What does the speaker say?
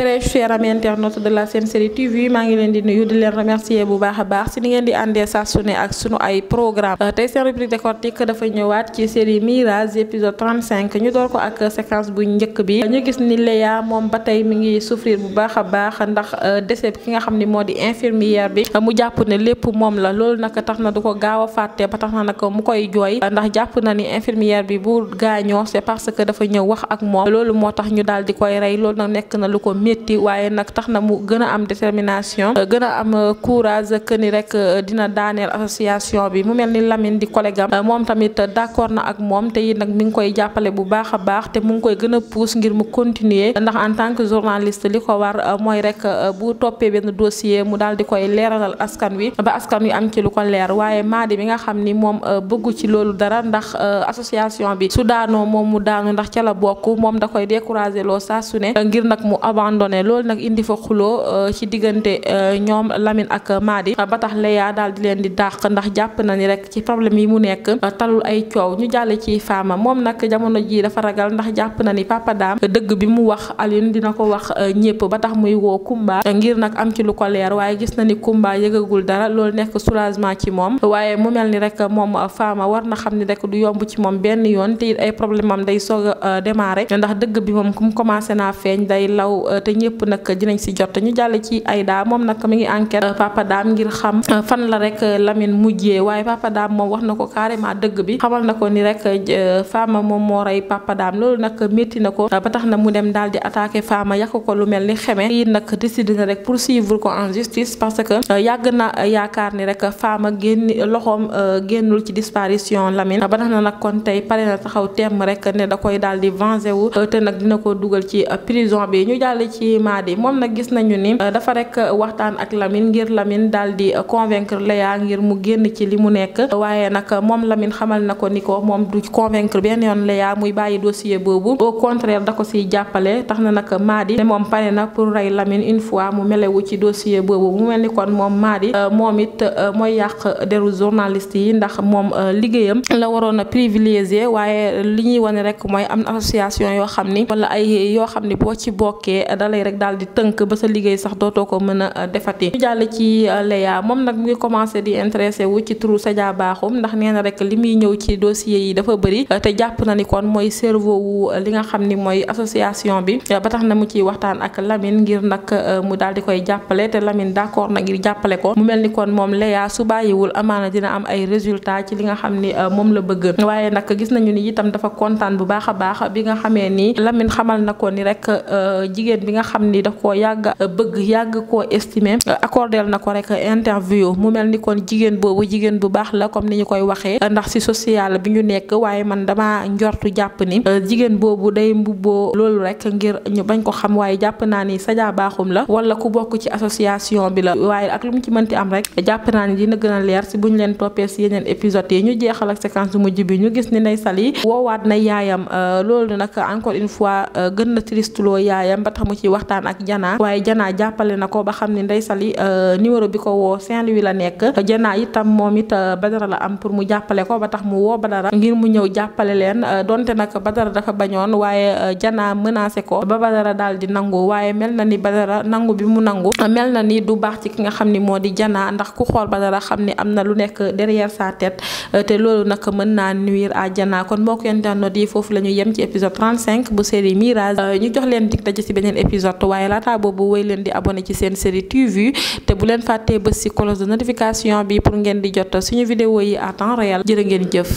très chers amis internautes de la Sen Série TV maa ngi leen di nuyu di leen remercier bu baax a baax si ni ngeen di àndee saa su ne ak sunu ay programme euh, tey seen rubrique décortique dafa ñëwaat ci série Mirage épisode 35 ñu door ko ak séquence bu njëkk bi ñu gis ni Léa moom ba tey mi ngi souffrir bu baax a baax ndax euh, décès ki nga xam ni moo di infirmière bi mu jàpp ne lépp moom la loolu nag tax na du ko gaaw a fàtte ba tax na nag mu koy jooy ndax jàpp na ni infirmière bi bu gaañoo c'est parce que dafa ñëw wax ak moom loolu moo tax ñu daal di koy rey loolu nag nekk métti waaye nag tax na mu gën a am détermination euh, gën a am euh, courage que ni rek euh, dina daaneel association bi mu mel ni Lamine di collègue am moom tamit d'accord na ak moom te it nag mi ngi koy jàppale bu baax a baax te mu ngi koy gën a pousse ngir mu continuer ndax en tant que journaliste li ko war mooy rek bu toppee benn dossier mu daal di koy leeralal askan wi ba askan wi am ci lu ko leer waaye Madi bi nga xam ni moom bëggu ci loolu dara ndax association bi su daanoo moom mu daanu ndax ca la bokk moom da koy décourager loo saa ngir nag mu avant Ndone loolu nag indi fa xuloo euh, ci diggante euh, ñoom Lamine ak Madi ba tax Leya daal di leen di dàq ndax jàpp na ni rek ci problème yi mu nekk talul ay coow ñu jàll ci Fama moom nag jamono jii dafa ragal ndax jàpp na ni papa dëgg bi mu wax Alioune dina ko wax euh, ñëpp ba tax muy woo Kumba ngir nag am ci lu ko leer waaye gis na ni Kumba yëgagul dara loolu nekk soulagement ci moom waaye mu mel ni rek moom faama war na xam ni rek du yomb ci moom benn yoon te it ay problème day soog a démarrer ndax dëgg bi moom kum commencé naa feeñ day law te ñëpp nag dinañ si jot ñu jàll ci Aïda moom nag mi ngi enquête euh, Papa Dame ngir xam euh, fan la rek euh, lamin mujjee waaye Papa Dame moom wax na ko carrément dëgg bi xamal na ko ni rek faama moom moo rey Papa loolu nag métti na ko ba tax na mu dem daal di attaqué Fama yàq ko lu mel ni xeme yi nag décidé na rek poursuivre ko en justice parce que yàgg na yaakaar ni rek faama génn loxoom génnul ci disparition Lamine ba tax na nag kon tey pare na taxaw temm rek ne da daal di venger wu te dina ko dugal ci ci Madi moom nag gis nañu ni euh, dafa rek euh, waxtaan ak Lamine ngir Lamine daal di euh, convaincre Leya ngir mu génn ci li mu nekk waaye nag moom lamin xamal na ko ni ko moom du convaincre benn yoon Leya muy bàyyi dossier boobu au contraire da ko siy jàppale tax na nag Madi ne moom pare na pour rey Lamine une fois mu melewu ci dossier boobu mu mel ni kon moom Madi moom it mooy yàq deru journaliste yi ndax moom liggéeyam la waroon a privilégié waaye li ñuy wane yoo xam dalay rek daal a euh, defati ñu jàll euh, di intéressé wu ci li muy ñëw ci dossier yi dafa bëri euh, te jàpp ni kon mooy cerveau wu bi ba tax na mu ciy waxtaan ak Lamine ngir nag mu daal di koy jàppale te Lamine d'accord na ngir jàppale ko mu mel ni kon moom Léa su bàyyiwul amaana dina am ay résultats ci li nga xam ni moom la bëgg waaye nag gis nañu ni itam dafa kontaan bu baax a baax bi nga xamee ni Lamine xamal na ko ni rek jigéen bi nga xam ni daf koo yàgg euh, bëgg yàgg koo estimé euh, accordel na ko rek interview mu mel ni kon jigéen boobu jigéen bu baax la comme ni ñu koy waxee euh, ndax ci social bi ñu nekk waaye man dama njortu jàpp ni jigéen boobu day mbubboo loolu rek ngir ñu bañ ko xam waaye jàpp naa ni Sadia Bakhoum la wala ku bokk ci association bi la waaye ak lu mu ci mënti am rek jàpp naa ni dina gën a leer ci buñ leen toppee ci yeneen épisodes yi ñu jeexal ak séquence bu mujj bi ñu gis ni Ndeye Saly woowaat na yaayam loolu nag encore fois gën ci waxtaan ak Diana waaye Diana jàppale na ko ba xam ne Ndeye Saly euh, numéro bi ko woo Saint-Louis la nekk Diana itam moom it ba euh, Badara la am pour mu jàppale ko ba tax mu woo dara ngir mu ñëw jàppale leen euh, donte nag Badara dafa bañoon waaye Diana menacé ko ba Badara daal di nangu waaye mel na ni ba Badara nangu bi mu nangu mel na ni du baax ci ki nga xam ni moo di Diana ndax ku xool Badara xam ni am na lu nekk derrière sa tête te loolu nag mën naa nuire à Diana kon mbokk yéen di foofu la ñu yem épisode waaye laata boobu woy leen di abonné ci seen série TV te bu leen fàttee bës ci de notification bi pour ngeen di jot suñu vidéo yi à temps réel ngeen jëf